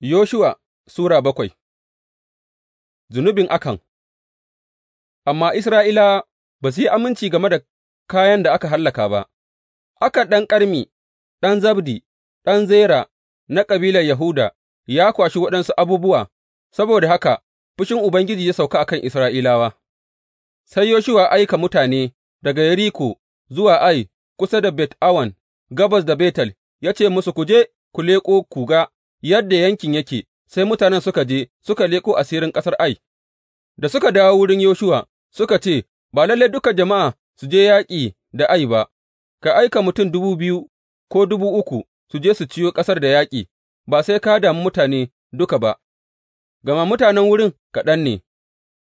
Yoshuwa Sura bakwai Zunubin Akan Amma Isra'ilawa ba su yi aminci game da kayan da aka hallaka ba, Haka ɗan ƙarmi ɗan Zabdi, ɗan Zera na kabilar Yahuda ya kwashi waɗansu abubuwa, saboda haka fushin Ubangiji ya sauka a kan Isra'ilawa, sai Yoshuwa aika mutane daga Yeriko zuwa Ai kusa da Bet Awan, gabas da Betel, ya ce musu, Ku je ku leƙo kuga. yadda yankin yake, sai mutanen suka je suka leƙo asirin ƙasar Ai, da suka dawo wurin Yoshuwa suka ce, Ba lalle duka jama'a su je yaƙi da Ai ba, ka aika mutum dubu biyu ko dubu uku su je su ciyo ƙasar da yaƙi, ba sai ka damu mutane duka ba, gama mutanen wurin kaɗan ne,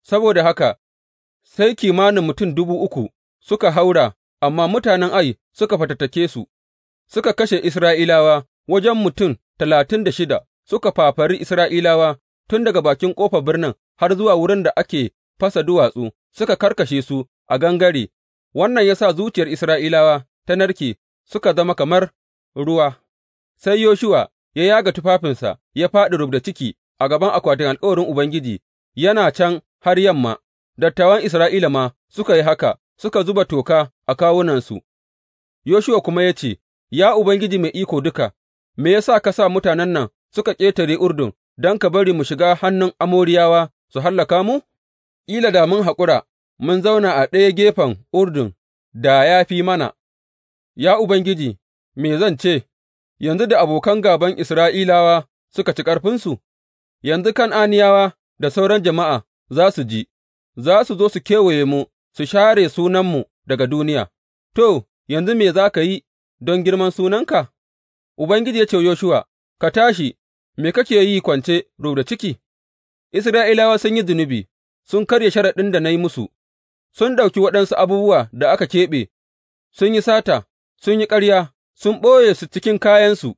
saboda haka sai kimanin mutum dubu uku suka haura, amma mutanen Ai suka fatattake su, suka kashe Isra'ilawa wajen mutum talatin da shida suka fafari Isra'ilawa tun daga bakin ƙofar birnin har zuwa wurin da ake fasa duwatsu, suka karkashe su a gangare, wannan ya sa zuciyar Isra'ilawa ta narke suka zama kamar ruwa. Sai Yoshuwa ya yaga tufafinsa ya faɗi rubda ciki a gaban akwatin alƙawarin Ubangiji yana can har yamma, dattawan Isra'ila ma suka yi haka, suka zuba toka a kawunansu, Yoshuwa kuma ya ce, Ya Ubangiji mai iko duka, Me ya sa ka sa mutanen nan suka ƙetare Urdun don ka bari mu shiga hannun Amoriyawa su hallaka mu? Ƙila da mun haƙura, mun zauna a ɗaya gefen Urdun da ya fi mana. Ya Ubangiji, me zan ce, yanzu da abokan gaban Isra'ilawa suka ci ƙarfinsu, yanzu Kan'aniyawa da sauran jama'a za su ji, za su zo su kewaye mu, su share sunanmu daga duniya. To, yanzu me za ka yi don girman sunanka? Ubangiji ya ce wa Yoshuwa, Ka tashi, me kake yi kwance rubda ciki? Isra'ilawa sun yi zunubi, sun karya sharaɗin da na yi musu, sun ɗauki waɗansu abubuwa da aka keɓe, sun yi sata, sun yi ƙarya, sun ɓoye su cikin kayansu,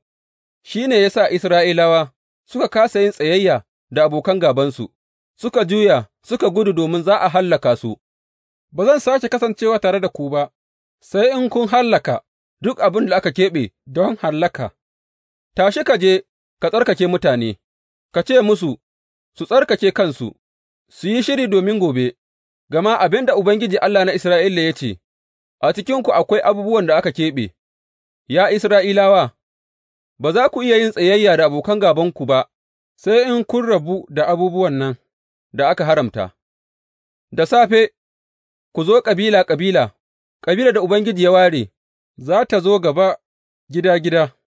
shi ne ya sa Isra'ilawa suka kasa yin tsayayya da abokan gabansu, suka juya, suka gudu domin za a hallaka su. Ba zan sake kasancewa tare da ku ba, sai in kun hallaka duk abin da aka keɓe don hallaka. Tashi ka je ka tsarkake mutane, ka ce musu su tsarkake kansu, su yi shiri domin gobe, gama abin da Ubangiji Allah na Isra'ila ya ce, A cikinku akwai abubuwan da aka keɓe, ya Isra'ilawa, ba za ku iya yin tsayayya da abokan gabanku ba, sai in kun rabu da abubuwan nan da aka haramta. Da safe, ku zo kabila kabila, kabila da Ubangiji ya ware, za ta zo gaba gida gida.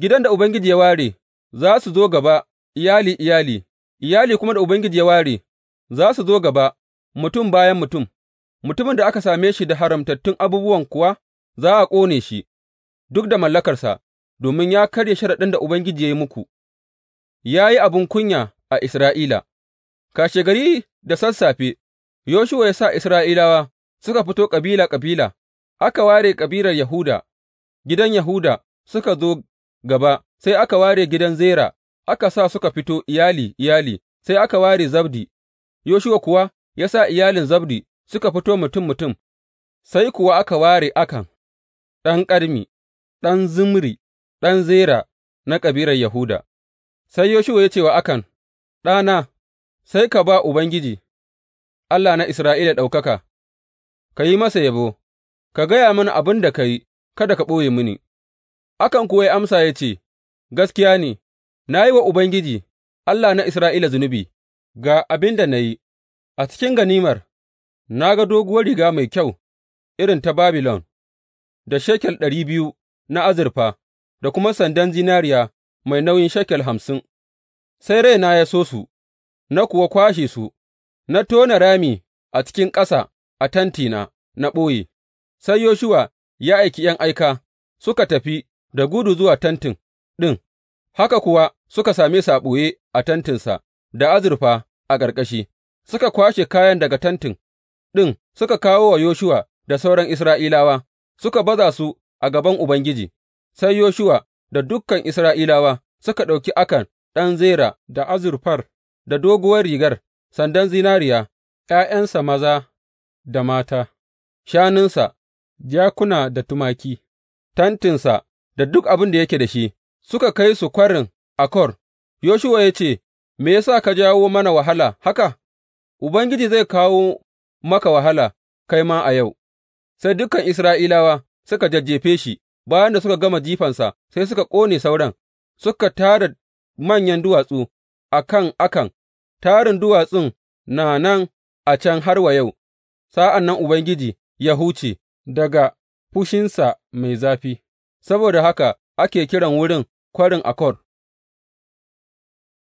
Gidan da Ubangiji ya ware za su zo gaba iyali iyali, iyali kuma da Ubangiji ya ware za su zo gaba mutum bayan mutum, mutumin da aka same shi da haramtattun abubuwan kuwa za a ƙone shi duk da mallakarsa, domin ya karya sharaɗin da Ubangiji ya yi muku, ya yi abin kunya a Isra'ila. Kashegari da sassafe, Yoshuwa ya sa Isra'ilawa suka fito kabila kabila, aka ware kabilar Yahuda, gidan Yahuda suka zo gaba, sai aka ware gidan Zera, aka sa suka fito iyali iyali, sai aka ware Zabdi, Yoshuwa kuwa ya sa iyalin Zabdi suka fito mutum mutum, sai kuwa aka ware Akan, ɗan ƙarmi, ɗan Zimri, ɗan Zera na ƙabirar Yahuda. Sai Yoshuwa ya ce wa Akan, Ɗana, sai ka ba Ubangiji, Allah na Isra'ila ɗaukaka, ka yi masa yabo, ka gaya mini abin da ka yi, kada ka ɓoye mini. Akan kuwa ya amsa ya ce, Gaskiya ne, na yi wa Ubangiji, Allah na Isra'ila zunubi, ga abin da na yi, a cikin ganimar, na ga doguwar riga mai kyau irin ta Babilon, da shekel ɗari biyu na azurfa, da kuma sandan zinariya mai nauyin shekel hamsin, sai raina ya so su, na kuwa kwashe su, na tona rami a cikin ƙasa a Tantina na ɓoye, sai Yoshuwa ya aiki ’yan aika suka tafi da gudu zuwa tentin ɗin, haka kuwa suka same su a ɓoye a tentinsa da azurfa a ƙarƙashi, suka kwashe kayan daga tentin ɗin suka kawo wa Yoshuwa da sauran Isra'ilawa, suka baza su a gaban Ubangiji, sai Yoshuwa da dukan Isra'ilawa suka ɗauki Akan ɗan Zera da azurfar da doguwar rigar, sandan zinariya, ’ya'yansa maza da mata, shanunsa, jakuna da tumaki, tentinsa da duk abin da yake da shi, suka kai su Kwarin Akor, Yoshuwa ya ce, Me ya sa ka jawo mana wahala haka? Ubangiji zai kawo maka wahala kai ma a yau, sai dukan Isra'ilawa suka jajjefe shi, bayan da suka gama jifansa, sai suka ƙone sauran, suka tara manyan duwatsu a kan akan, tarin duwatsun na nan a can har wa yau, sa'an nan Ubangiji ya huce daga fushinsa mai zafi. Saboda haka ake kiran wurin Kwarin Akor.